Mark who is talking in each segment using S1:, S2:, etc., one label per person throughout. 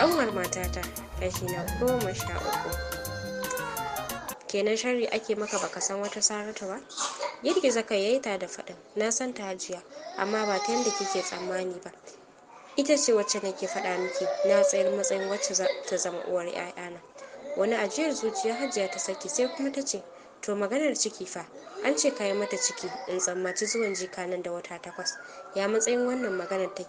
S1: ƙanwar matata kashi na goma sha uku kenan shari ake maka baka san wata saratu ba girgiza kai yayi ta da faɗin na san ta hajiya amma ba ta yadda kike tsammani ba ita ce wacce nake faɗa miki na tsayar matsayin wacce ta zama uwar 'ya'yana wani ajiyar zuciya hajiya ta saki sai kuma ta ce to maganar ciki fa an ce ka yi mata ciki in tsammaci zuwan jika nan da wata takwas ya matsayin wannan maganar take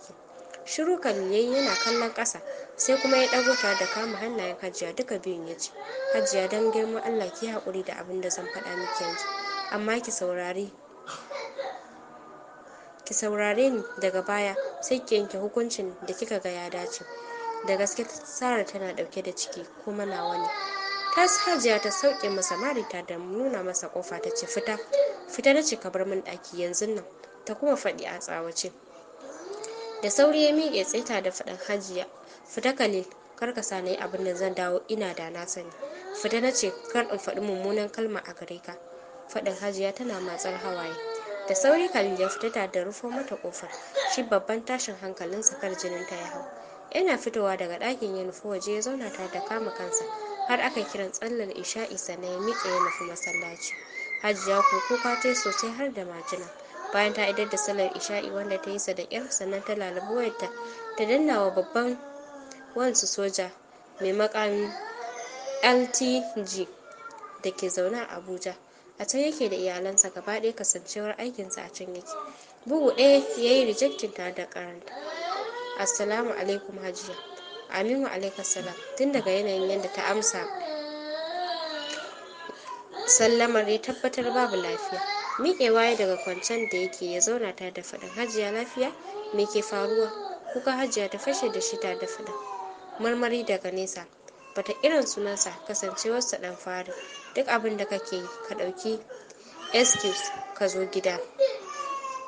S1: shiru khalil yayi yana kallon ƙasa sai kuma ya ɗago tare da kama hannayen hajiya duka biyun ya ce hajiya don girman allah ki haƙuri da abin da zan faɗa miki yanzu amma ki saurari ki saurare ni daga baya sai ki yanke hukuncin da kika ga ya dace da gaske sara tana ɗauke da ciki kuma nawa ne ta hajiya ta sauke masa ta da nuna masa ƙofa ta ce fita fita na ce ka bar min ɗaki yanzun nan ta kuma faɗi a tsawace da sauri ya miƙe tsaita da faɗin hajiya fita khalil kar ka sani abin da zan dawo ina da na sani fita na ce kar in faɗi mummunan kalma a gare ka faɗin hajiya tana matsar hawaye da sauri kalil ya fita tare da rufo mata kofar shi babban tashin hankalin kar jinin ta ya hau yana fitowa daga ɗakin ya nufi waje ya zauna tare da kama kansa har aka kiran tsallar isha'i sannan ya miƙe ya nufi masallaci hajiya ko kuka ta sosai har da majina bayan ta idar da sallar isha'i wanda ta yi sa da kyar sannan ta lalabi wayarta ta danna wa babban wansu soja mai makamin ltg da ke zaune a abuja a can yake da iyalansa gaba ɗaya kasancewar aikinsa a can yake bugu ɗaya ya yi rejectin ta da karanta assalamu alaikum hajiya aminu alaikar salam tun daga yanayin yadda ta amsa sallamar ya tabbatar babu lafiya miƙewa ya daga kwancen da yake ya zauna ta da faɗin hajiya lafiya me ke faruwa kuka hajiya ta fashe da shi ta da faɗin marmari daga nesa bata irin sunansa kasancewarsa ɗan fari duk abin da kake yi ka ɗauki excuse ka zo gida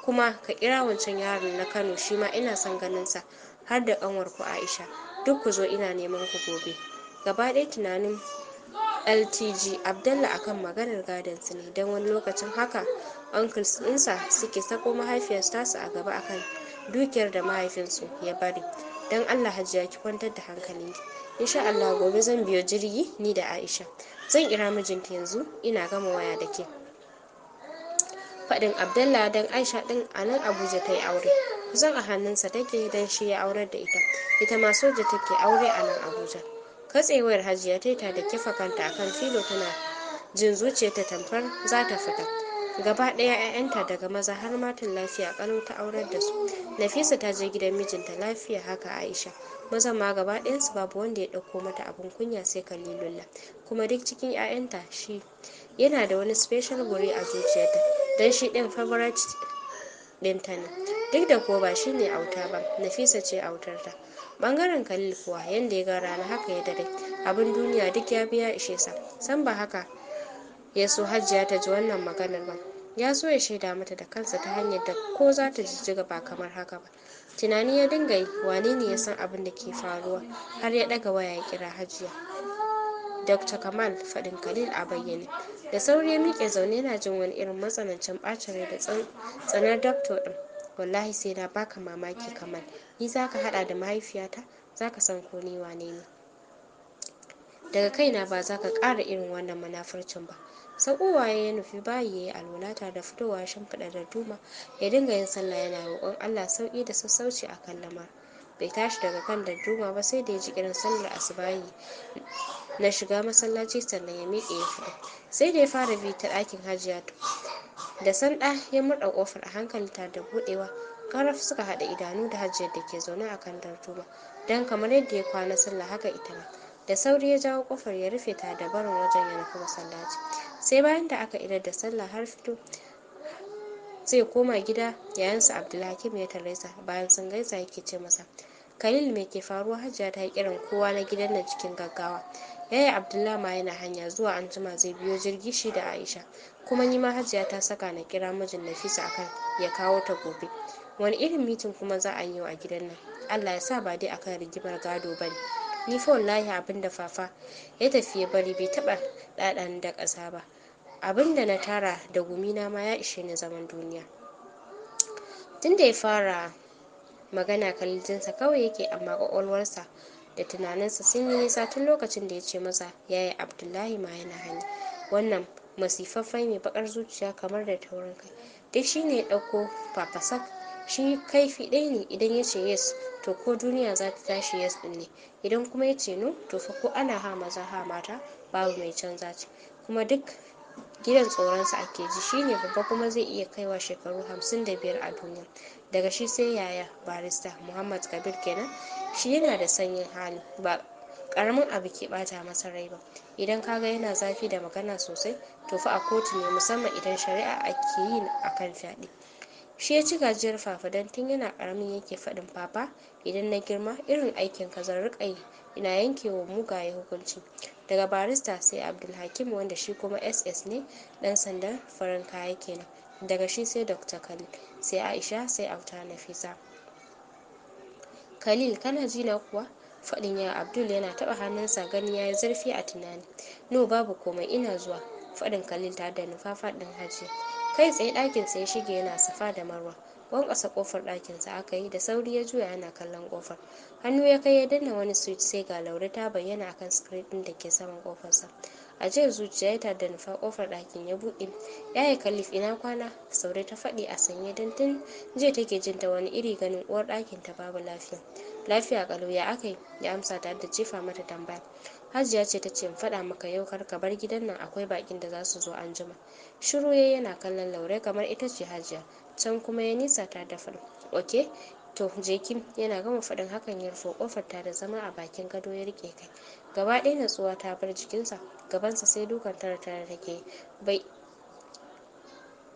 S1: kuma ka kira wancan yaron na kano shi ma ina son ganinsa har da ku aisha duk ku zo ina neman ku gobe gaba ɗaya tunanin ltg abdallah akan maganar gadon su ne don wani lokacin haka uncles ɗinsa suke sako mahaifiyar tasu a gaba akan dukiyar da mahaifinsu ya bari don allah hajiya ki kwantar da hankali. insha allah gobe zan biyo jirgi ni da aisha zan kira mijinta yanzu ina gama waya da ke faɗin abdalla don aisha ɗin a nan abuja ta yi aure kusan a hannunsa take don shi ya aurar da ita ita ma soja take aure a nan abuja katsewar hajiya ta yi ta da kifa kanta akan filo tana jin ta tamfar za ta fita gaba ɗaya 'ya'yanta daga maza har matan lafiya kalau ta aurar da su nafisa ta je gidan mijinta lafiya haka aisha Maza ma gaba ɗayansu babu wanda ya dauko mata abun kunya sai kalilullah kuma duk cikin 'ya'yanta shi yana da wani special guri a zuciyarta don shi ɗin favorite ɗinta ne duk da kuwa ba shi ne auta ba nafisa ce autar ta. bangaren khalil kuwa yanda ya ga rana haka ya dare abin duniya duk ya biya ishe sa san ba haka ya so hajjiya ta ji wannan maganar ba ya so ya shaida mata da kansa ta hanyar da ko za ta jijjiga ba kamar haka ba tunani ya dinga yi wane ne ya san abin da ke faruwa har ya daga waya ya kira hajiya dr kamal fadin khalil a bayyane da sauri ya miƙe zaune yana jin wani irin matsanancin ɓacin rai da tsanar dr ɗin wallahi sai na baka mamaki kamar ni ka hada da mahaifiyata zaka san ko ni wane ne daga kaina ba za ka ƙara irin wannan manafarcin ba sakowa ya nufi bayi ya yi da fitowa shimfiɗa da duma ya dinga yin sallah yana roƙon allah sauƙi da sassauci a kan lamar bai tashi daga kan duma ba sai da ya ji kiran sallar asubahi na shiga masallaci sannan ya miƙe ya fita sai da ya fara bi ta ɗakin hajiya da sanda ya murɗa kofar a hankali tare da buɗewa karaf suka haɗa idanu da hajiyar da ke zaune a kan darduma don kamar yadda ya kwana sallah haka ita ma da sauri ya jawo kofar ya rufe ta da barin wajen ya nufi masallaci sai bayan da aka idar da sallah har fito zai koma gida yayansa abdulhakim ya tare sa bayan sun gaisa yake ce masa kalil me ke faruwa hajjiya ta yi kiran kowa na gidan nan cikin gaggawa yaya eh, abdullah ma yana hanya zuwa anjima zai biyo jirgi shi da aisha kuma nima hajiya ta saka na kira mijin nafisa akan ya kawo ta gobe wani irin mitin kuma za a yi yau a gidan nan allah ya sa ba dai akan rigimar gado ba ne ni fa wallahi abin da fafa ya tafi ya bari bai taɓa ɗaɗani da ƙasa ba abin da na tara da gumi na ma ya ishe ni zaman duniya tun ya fara magana kalitinsa kawai yake amma ƙwaƙwalwarsa da tunaninsa sun yi nisa tun lokacin da ya ce masa yi abdullahi ma yana hani wannan masifaffai mai bakar zuciya kamar da taurin kai duk shi ne ya ɗauko fafasak shi kai ɗaya ne idan ya ce yes to ko duniya za ta tashi yes ɗin ne idan kuma ya ce no to fa ko ana ha maza ha mata babu mai canza ce kuma duk gidan tsoronsa ake ji shine babba kuma zai iya kaiwa shekaru 55 a duniya daga shi sai yaya barista muhammad kabir kenan shi yana da sanyin hali ba karamin abu ke ɓata masa rai ba idan kaga yana zafi da magana sosai to fa a kotu ne musamman idan shari'a ake yi a kan fyaɗe shi ya ci gajiyar fafa don tun yana karamin yake faɗin fafa idan na girma irin aikin ka zan riƙa yi ina yanke wa mugaye hukunci daga barista sai abdulhakim wanda shi kuma ss ne ɗan sandan farin kaya kenan daga shi sai dr khalil sai aisha sai auta nafisa Khalil kana jina kuwa? Faɗin ya Abdul yana taɓa hannunsa gani ya yi zurfi a tunani. No babu komai ina zuwa. Faɗin Khalil tare da nufafa faɗin hajiya. Kai tsaye ɗakinsa ya shige yana safa da marwa. ƙasa ƙofar ɗakinsa aka yi da sauri ya juya yana kallon ƙofar. Hannu ya kai ya danna wani switch sai ga Laure ta bayyana akan screen ɗin da ke saman ƙofarsa. a ajiyar zuciya ya da nufa kofar ɗakin ya buɗe yaya kalif ina kwana saurai ta faɗi a sanye don tun jiya take jin ta wani iri ganin uwar ɗakin ta babu lafiya lafiya kalau ya ya amsa tare da jefa mata tambaya hajiya ce ta ce in faɗa maka yau kar ka bar gidan nan akwai bakin da zasu zo anjima. jima shiru yayi yana kallon laurai kamar ita ce hajiya can kuma ya nisa ta da faɗin ok to je yana gama faɗin hakan ya rufe kofar ta da zama a bakin gado ya rike kai gaba ɗaya natsuwa ta bar jikinsa gabansa sai dukan tara tara take bai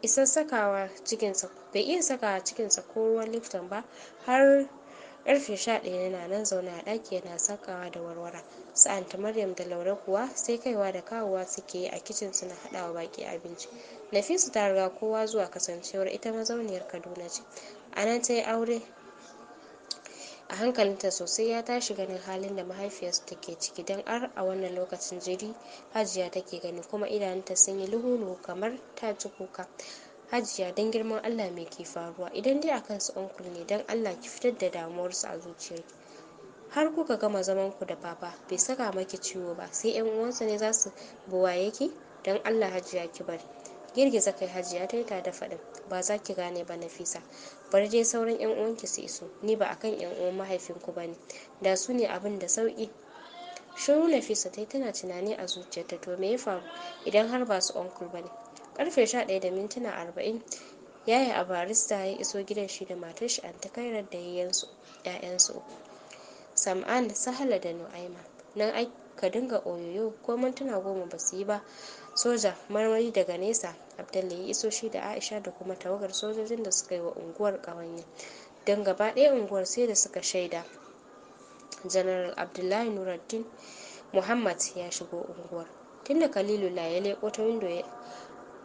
S1: isa sakawa cikinsa bai iya sakawa cikinsa ko ruwan lifton ba har karfe ɗaya yana nan zaune a ɗaki yana sakawa da warwara sa'an ta maryam da laure kuwa sai kaiwa da kawowa suke yi a kicin suna haɗawa baki abinci nafisu ta riga kowa zuwa kasancewar ita mazauniyar kaduna ce a nan ta yi aure a hankalinta sosai ya tashi ganin halin da mahaifiyarsa take ciki don ar a wannan lokacin jiri hajiya take gani kuma idanunta sun yi luhu kamar ta ci kuka hajiya don girman allah me ke faruwa idan dai kan su onkul ne don allah ki fitar da damuwarsu a zuciyarki har kuka gama zaman ku da papa bai saka maki ciwo ba sai yan uwansa ne zasu su buwaye ki don allah hajiya ki bari girgiza kai hajiya ta yi ta da faɗin ba za ki gane ba nafisa bari dai sauran yan uwanki su iso ni ba akan yan uwan mahaifinku ba ne da su ne abin da sauki shiru nafisa ta yi tana tunani a zuciyarta to me ya faru idan har ba su onkul ba ne karfe ɗaya da mintuna 40 yaya a barista ya iso gidan shi da matar shi an kairar da yayansu uku sam'an sahala da nu'aima nan ka dinga oyoyo ko mintuna goma ba su yi ba soja marmari daga nesa abdalla ya iso shi da aisha da kuma tawagar sojojin da suka yi wa unguwar ƙawanya don gaba ɗaya unguwar sai da suka shaida janaral abdullahi nuraddin muhammad ya shigo unguwar tun da kalilu la ya leƙo ta windo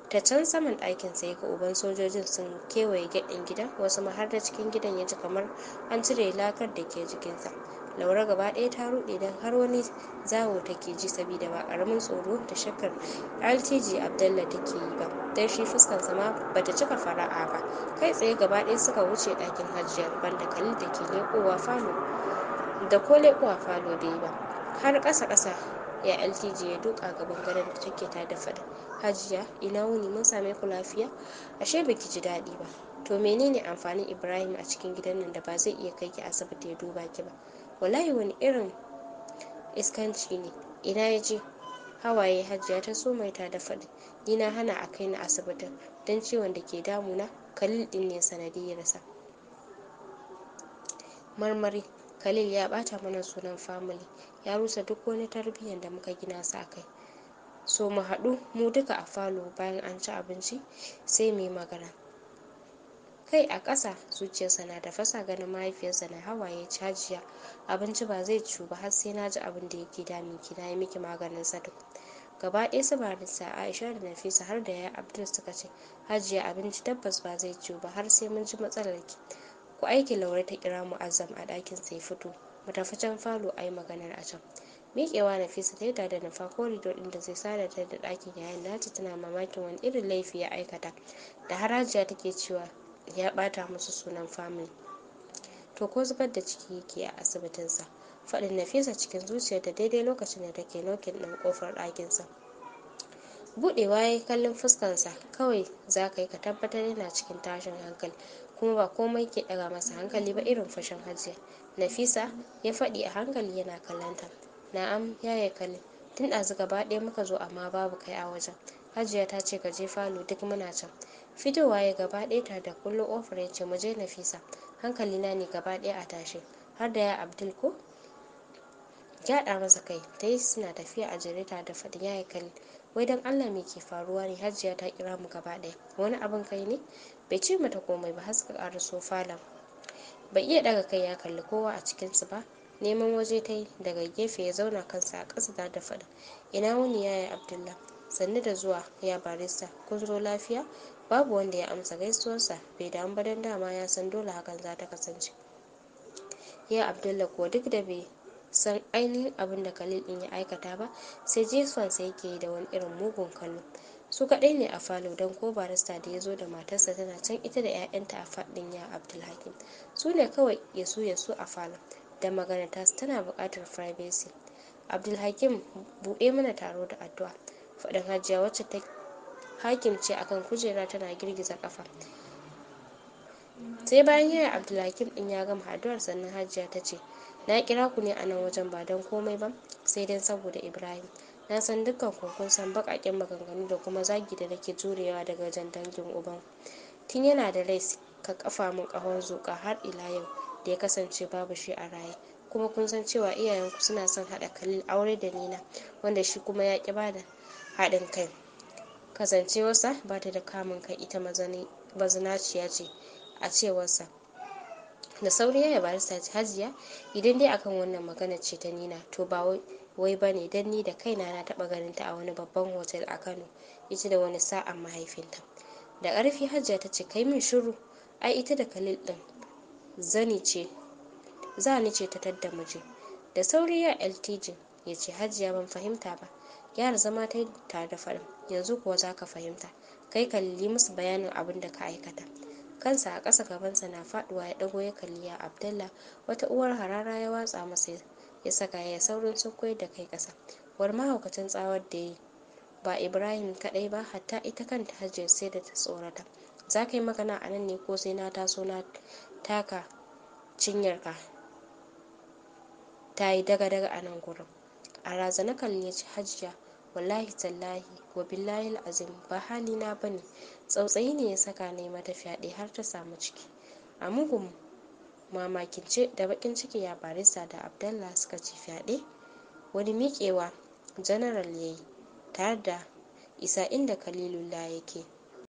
S1: ta can saman ɗakin sai ga uban sojojin sun kewaye gaɗin gidan wasu ma har da cikin gidan ya ji kamar an cire lakar da ke jikinsa laura gaba ɗaya ta ruɗe don har wani zawo take ji sabida ba ƙaramin tsoro da shakkar rtg abdallah take yi ba don shi fuskarsa ma bata cika fara'a ba kai tsaye gaba ɗaya suka wuce ɗakin hajjiyar banda khalid da ke leƙowa falo da ko leƙowa falo bai ba har ƙasa ƙasa ya ltg ya duka gaban gadon da take ta da hajjiya ina wuni mun same ku lafiya ashe baki ji daɗi ba to menene amfanin ibrahim a cikin gidan nan da ba zai iya kai ki asibiti ya duba ki ba wallahi wani irin iskanci ne ina ya je hawaye hajiya ta somaita da faɗi ni na hana a kai na asibitin don ciwon da ke damuna kalil ɗin ne sanadiyarsa marmari khalil ya bata mana sunan family ya rusa duk wani tarbiyyar da muka gina sa kai so mu haɗu mu duka a falo bayan an ci abinci sai mu yi magana kai a ƙasa zuciyarsa na tafasa ganin mahaifiyarsa na hawaye cajiya abinci ba zai ciyu ba har sai na ji abin da yake damin ki na yi miki maganin sa gaba ɗaya su samarinsa aisha da nafisa har da ya abdul suka ce hajiya abinci tabbas ba zai ciyu ba har sai mun ji matsalar ki ku aiki laure ta kira mu azam a ɗakin sai fito mu tafi can falo a yi maganar a can miƙewa nafisa ta yi da nufa koridor ɗin da zai sada ta da ɗakin yayin nata tana mamakin wani irin laifi ya aikata da harajiya take cewa ya ɓata musu sunan family to ko zubar da ciki yake a asibitinsa faɗin nafisa cikin zuciya da daidai lokacin da take nokin ɗin ƙofar ɗakinsa buɗewa ya yi kallon fuskarsa kawai za ka yi ka tabbatar yana cikin tashin hankali kuma ba komai ke ɗaga masa hankali ba irin fashin hajiya nafisa ya faɗi a hankali yana kallonta na'am yaya kalli tun ɗazu gaba ɗaya muka zo amma babu kai a wajen hajiya ta ce ka je falo duk muna can fitowa ya gaba ɗaya tare da kullum ofar ya ce muje nafisa hankali na ne gaba ɗaya a tashe har da ya abdul ko gyaɗa masa kai ta yi suna tafiya a jere da faɗin yi kalli wai don allah me ke faruwa ne hajiya ta kira mu gaba ɗaya wani abin kai ne bai ce mata komai ba har suka ƙara falon bai iya daga kai ya kalli kowa a cikinsu ba neman waje ta yi daga gefe ya zauna kansa a ƙasa tare da faɗin ina wuni yaya abdullah sannu da zuwa ya barista kun zo lafiya babu wanda ya amsa gaisuwarsa bai damu ba don dama ya san dole hakan za ta kasance ya abdullah kuwa duk da bai san ainihin abin da khalil ɗin ya aikata ba sai sa yake yi da wani irin mugun kallo su kaɗai ne a falo don ko barista da ya zo da matarsa tana can ita da 'ya'yanta a faɗin ya abdulhakim su ne kawai ya su ya su a falo da magana su tana buƙatar privacy abdulhakim buɗe mana taro da addu'a faɗin hajiya wacce ta hakim ce akan kujera tana girgiza kafa sai bayan yaya abdulhakim din ya gama addu'ar sannan hajiya ta ce na kira ku ne a nan wajen ba don komai ba sai dai saboda ibrahim na san dukkan kun san maganganu da kuma zagi da nake jurewa daga wajen dangin uban tun yana da rai ka kafa min kahon zuƙa har ila yau da ya kasance babu shi a raye kuma kun san cewa iyayenku suna son haɗa kalil aure da nina wanda shi kuma ya ƙi bada haɗin kai kasancewarsa ba ta da kamun kai ita mazinaciya ce a cewarsa da sauri ya yaba da hajiya idan dai akan wannan magana ce ta nina to ba wai ba ne don ni da kaina na taba ganin ta a wani babban hotel a kano ita da wani sa'an mahaifinta da ƙarfi hajiya ta ce kai min shiru ai ita da kalil ɗin zani ce zani ce ta tadda miji da sauri ya ltg ya ce hajiya ban fahimta ba gyara zama ta tare da faɗin yanzu kuwa za ka fahimta kai kalli musu bayanin abin da ka aikata kansa a ƙasa gabansa na faɗuwa ya ɗago ya kalli ya abdallah wata uwar harara ya watsa masa ya saka ya saurin kai da kai ƙasa war mahaukacin tsawar da yi ba ibrahim kaɗai ba hatta ita kanta hajiyar sai da ta tsorata za ka yi magana a nan ne ko sai na taso na taka cinyarka ta yi daga-daga a nan gurin a razane kallaci hajiya wallahi tallahi wa billahi azim ba halina ba ne tsautsayi ne ya saka na mata fyaɗe har ta samu ciki a mugun mamakince da bakin ciki ya barista da abdallah suka ci fyaɗe wani miƙewa janaral ya yi tare da isa inda kalilullah yake